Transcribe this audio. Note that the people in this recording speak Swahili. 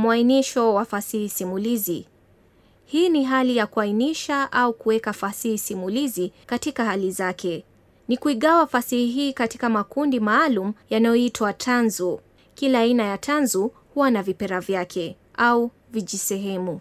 Mwainisho wa fasihi simulizi. Hii ni hali ya kuainisha au kuweka fasihi simulizi katika hali zake. Ni kuigawa fasihi hii katika makundi maalum yanayoitwa tanzu. Kila aina ya tanzu huwa na vipera vyake au vijisehemu.